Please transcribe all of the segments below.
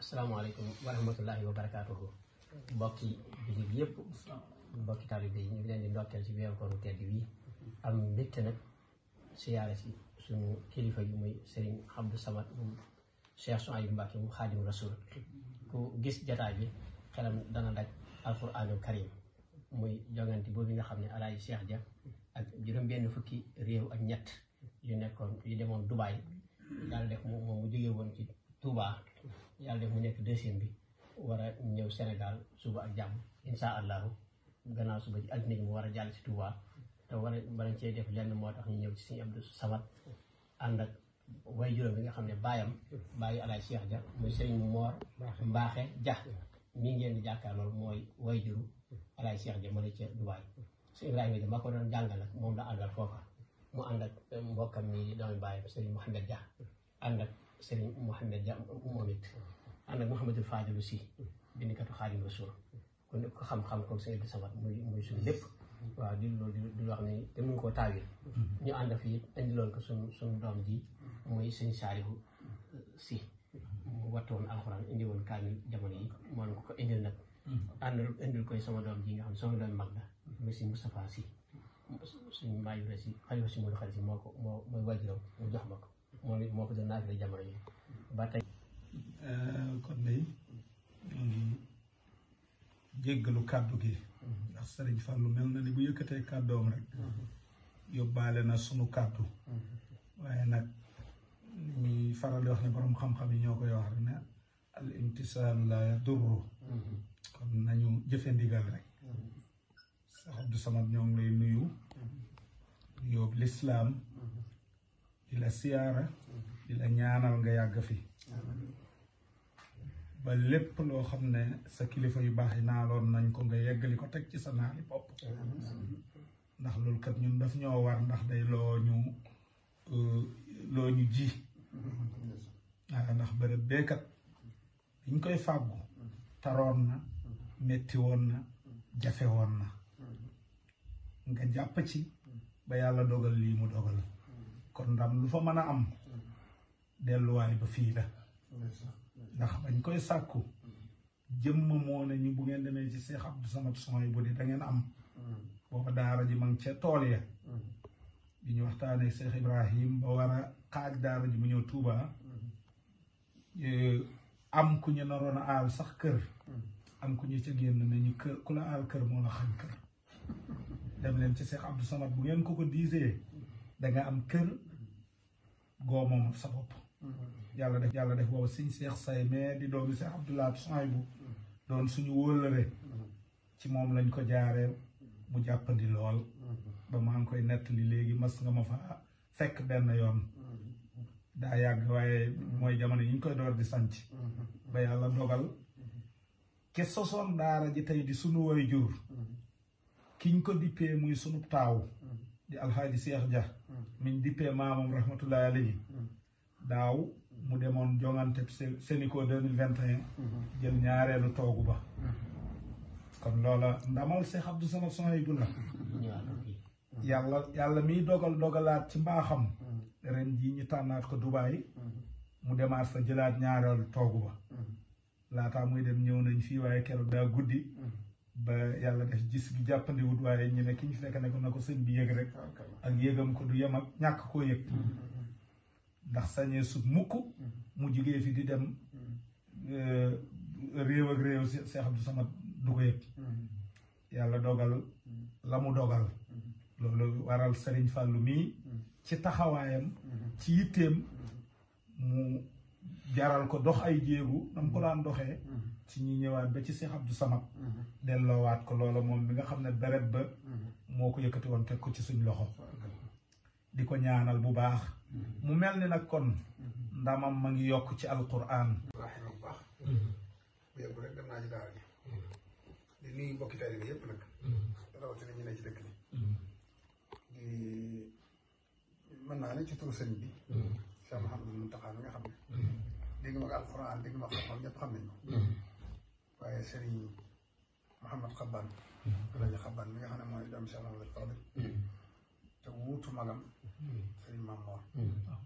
asalaamaaleykum wa rahmatullahi wa barakaatuhu mbokki jullit yëpp mbokki taalibe yi ñu ngi leen di ndokkeel ci weeru kooru tedd wi am mbégte siyaare si suñu kilifa yi muy sëriñ Abdou Samad moom Cheikh Souhaïbou Mbacké mu Xaadimu Rasuul bi nga xam ne alaaji Cheikh Dia ak juróom-benn fukki réew ak ñett yu nekkoon yu demoon Dubaay daal def moom mu jóge ci Touba yàlla def mu nekk deuxième bi war a ñëw Sénégal suba ak jàmm insha allahu gannaaw suba ci altine ji mu war a jàll si Touba te war a barañ cee def lenn moo tax ñëw ci suñu Abdou ànd ak way juróom bi nga xam ne baayam bàyyi alaay Cheikh Dia muy seen Moor Mbaaxe ja mii ngeen di jàkkaar mooy way juru alaay Cheikh Dia ma ne ca Dubaay su Ibrahima di maa ko doon jàngal nag moom la àndal foofa mu ànd ak mbokkam mi doomi bàyyam sëriñ Mouhamed Dia ànd ak Serigne Mouhamed Dia moom it ànd ak Mouhamadul Fadilu si bindikatu Xaadim Rasul kon ko xam-xam comme Serigne Samat muy waaw di loolu di wax ni koo taawil ñu ànd ko suñu suñu doom ji muy Serigne Saalihu si mu wattu woon alxuraan indi woon kaamil jamono yi moo ko ko indil nag ànd indil koy sama doom ji nga xam sama doom mag la muy Serigne Moustapha si suñu mbaayu la si xalifa si moolu xali si moo ko moo mooy wajuram mu jox ma ko moom moo ko doon euh, kon day ñoo ngi kàddu gi mm-hmm. ndax sëriñ Fallu mel na ni bu yëkkatee kàddoom rek mm-hmm. yóbbaale na sunu kàddu mm-hmm. waaye nag ñuy faral di wax ne boroom xam-xam yi ñoo koy wax rek ne al imtisaalu laa kon nañu jëfe ndigal rek sax Abdou Samad ñoo ngi lay nuyu yóbbu lislaam di la siyaara di la ñaanal nga yàgg fi ba lépp loo xam ne sa kilifa yu baax yi naaloon nañ ko nga yeggali ko teg ci sa naali bopp ndax loolu kat ñun daf ñoo war ndax day loo ñu euh, ji waaw ndax bërëb beekat biñ koy fàggu taroon na metti woon na jafe woon na nga jàpp ci ba yàlla dogal lii mu dogal kon ndam lu fa mën a am delluwaay ba la ndax bañ koy sàkku jëmm moo ne ñu bu ngeen demee ci Seex Abdu Samad son bu di da ngeen am booba daara ji mang ca tool ya di ñu waxtaanee Seex Ibrahim ba war a xaaj daara ji mu ñëw Tuuba am ku ñu naroon a aal sax kër am ku ñu ca génn ne ñu kër ku la aal kër moo la xañ kër dem leen ci Seex Abdu bu ngeen ko ko diisee da am kër goo moom sa bopp mm-hmm. yàlla def yàlla def boobu sëñ Seex Say mais di doomi Seex Abdoulaye Soy bu mm-hmm. doon suñu wóllëre mm-hmm. ci moom lañ ko jaaree mu jàppandi lool ba maa ngi koy nettali léegi mas nga ma fa fekk benn yoon daa yàgg waaye mooy jamono yi ñu koy door di sanc ba yàlla dogal ke sosoon daara ji tey di sunu way jur kiñ ko dippee muy sunu taaw di alxaaji Seex Ja miñ dippee maamam rahmatullahi alayhi daaw mu demoon jongante Sénico deux mille vingt un jël ñaareelu toogu ba kon loola ndamal Seex Abdou Samad Souhaïbou la yàlla yàlla miy dogal dogalaat ci mbaaxam ren jii ñu tànnaat ko Dubaay mu demaat sa jëlaat ñaareelu toogu ba laataa muy dem ñëw nañ fii waaye keroog daa guddi ba yàlla def gis gi jàppandiwut waaye ñu ne ki ñu fekk ne na ko sëñ bi yëg rek ak yëgam ko du yem ak ñàkk koo yëg ndax sañee su mukk mu jigee fi di dem eh, réew ak réew Seex Abdu Samad du ko yëg yàlla dogal la mu dogal loolu waral Sëriñ Fàllu mii ci taxawaayam ci yitteem mu jaral ko dox ay jéegu nam ko daan doxee ci ñi ñëwaat ba ci Cheikh Abdou Samad delloowaat ko loola moom mi nga xam ne béréb ba moo ko yëkkati woon teg ko ci suñ loxo di ko ñaanal bu baax mu mel ni nag kon ndamam ma ngi yokk ci alquran bu baax yëpp rek dem naa ci daara di nuyu mbokki ñu ne ci dëkk ni di mën naa ne ci turu sëñ nga xam ne dégg nga ko alxuraan dégg nga ko xam-xam hmm. waaye Serigne Mouhamed Xaban hmm. Alaaji Xaban mi nga xam ne mooy doomu Cheikh Mouhamed Fadil hmm.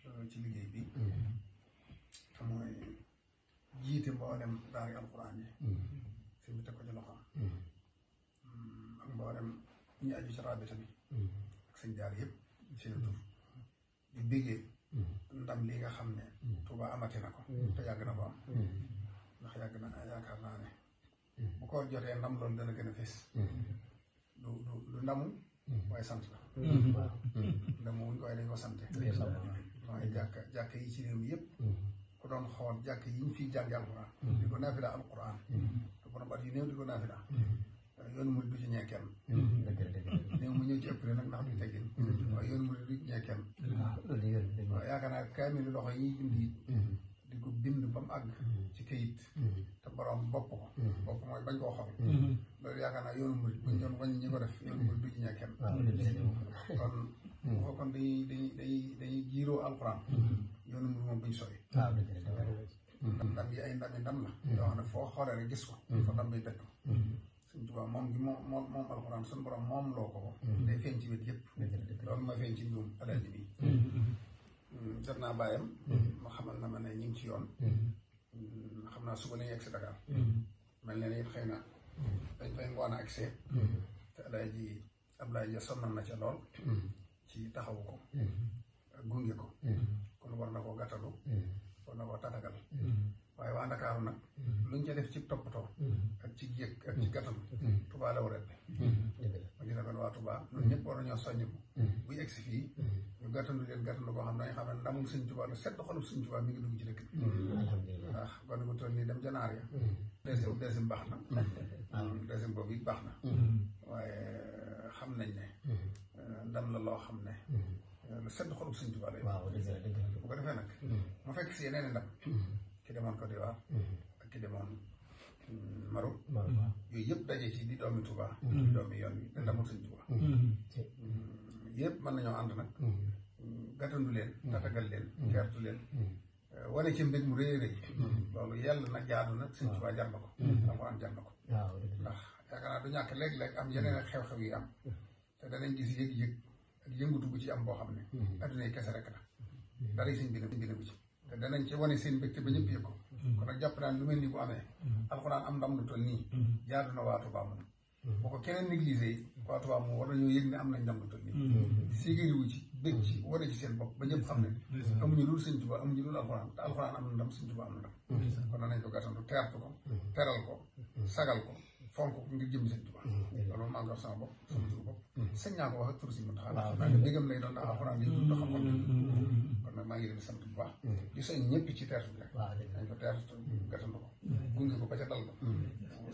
te ci liggéey bi te jiite mboolem daari alxuraan yi sëñ bi teg ko ci mboolem ñi aju ci rabita ak sëñ jaar yëpp seen tur di bégee ndam li nga xam ne Tuubaa amati na ko mm. te yàgg na ko am mm. ndax yàgg na yaakaar naa ne mm. bu koor jotee ndam loolu dana gën a fés du du du ndamu waaye sant la waaw ndamu wuñ waaye dañ ko sante waaye jàkk jàkk yi ci réew mi yëpp ku doon xool jàkk yi ñu fiy jànge alquran di ko naafila alquran te borom at yu néew di naafila yoonu murid du ci ñee kenn. Mm-hmm. néew mu ñëw ci ëpp nag ndax duñ teggin. Mm-hmm. waaye yoonu murid du ci ñee kenn. Ah, waaw yaakaar naa kaamil loxo yi bind mm-hmm. di ko bind ba mu àgg. ci kayit. te borom bopp ko. bopp mooy bañ koo xam. loolu yaakaar naa yoonu murid buñ doon wàññi ñi ko def yoonu murid du ci ñee kenn. Ah, kon bu fekkoon dañuy dañuy dañuy dañuy jiiroo alxuraan. yoonu murid moom buñ sori. Ah, ndam yi ay ndam la. yoo xam ne foo xoolee gis ko. fa ndam bi dëkk. suñ tubaab moom gi moom moom moom alxuraan suñ borom moom loo ko ko mm-hmm. feeñ ci wet yëpp loolu ma feeñ ci mbirum alaaji bi mm-hmm. mm, jot naa bàyyam mm-hmm. ma xamal na man ne ñu ngi ci yoon mm, xam naa suba lañu yegg si Dakar mel ne ni xëy na dañ fay ngoon ak seet te alaaji Ablaye ja sonnoon na ca lool ci taxawu ko ak gunge ko kon war na koo gàttalu waaye waa Ndakaaru nag luñ ca def ci toppatoo ci yëg ak ci gàttal. Mm-hmm. Mm-hmm. la waral. ma gis ne kon waa Touba. ñun ñëpp war nañoo soññiku. Mm-hmm. bu yegg si fii. ñu gàttandu leen gàttandu boo xam ne dañuy xam ne ndamul sëñ Touba la sedd xolub sëñ Touba mi ngi dugg ci dëkk nii dem janaar ya. desim desim baax na. desim boobu it baax waaye euh, xam nañ ne. Euh, ndam la loo xam ne. Euh, lu sedd xolub sëñ Touba lay. bu ko defee nag. mu fekk si yeneen ndam. ki demoon Côte d'Ivoire. ak ki demoon. Maroc yooyu yëpp daje ci di doomi Touba di mm-hmm. doomi yoon bi da ndamu sëñ Touba mm-hmm. Mm-hmm. yëpp mën nañoo ànd nag gàttandu leen tatagal leen gertu leen uh, wane ci mbir mu rëy rëy loolu yàlla nag jaadu nag sëñ Touba jàmba ko dama am jàmba ko ah, ndax yaakaar naa du ñàkk léeg-léeg am yeneen ak xew-xew yi am te danañ gis yëg-yëg ak yëngutu bu ci am boo xam ne adduna yi kese rek la dara sëñ bi ne sëñ bi ci te danañ ci wane seen mbégte ba ñëpp yëg ko Mm-hmm. kon nag jàpp naa lu mel ni bu amee. Mm-hmm. alxuraan am ndam lu toll nii. Mm-hmm. jaadu na waa Tuubaa moom. boo ko keneen négligé waa Tuubaa am nañ ndam lu toll nii. sigariwu ci bëgg ci wane ci seen bopp ba ñëpp xam ne. amuñu lu Sëñ Tuubaa amuñu lu alxuraan te alxuraan am na ndam Sëñ Tuubaa am na ndam. kon nañ ko gàttandu teertu ko teral ko sagal ko. fonk ko ngir jëm sëñ Tuubaa mm-hmm. loolu maa ngi wax sama bopp sama mm-hmm. turu bopp mm-hmm. sëñ naa ko wax ak turu si Muntaxa ndax naa ne déggam lay doon ndax alxuraan lay dund xam-xam lay dund kon nag maa ngi leen di sant bu baax di soñ ñëpp ci teertu bi rek dañ ko teertu gàttandu ko gunge ko ba ca dal ko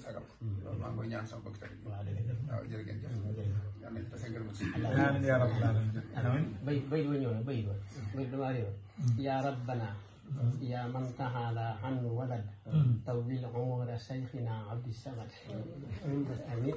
sagal ko loolu maa ngi koy ñaan sama bëgg tamit waaw jërë ngeen jëf yal nañ tase ngërëm si amiin yaa rabbal aalamiin bay bay ba ñëw bay ba bay damaa yaa man taxaala xannu walad taw bil umura sayxina abdi samad amin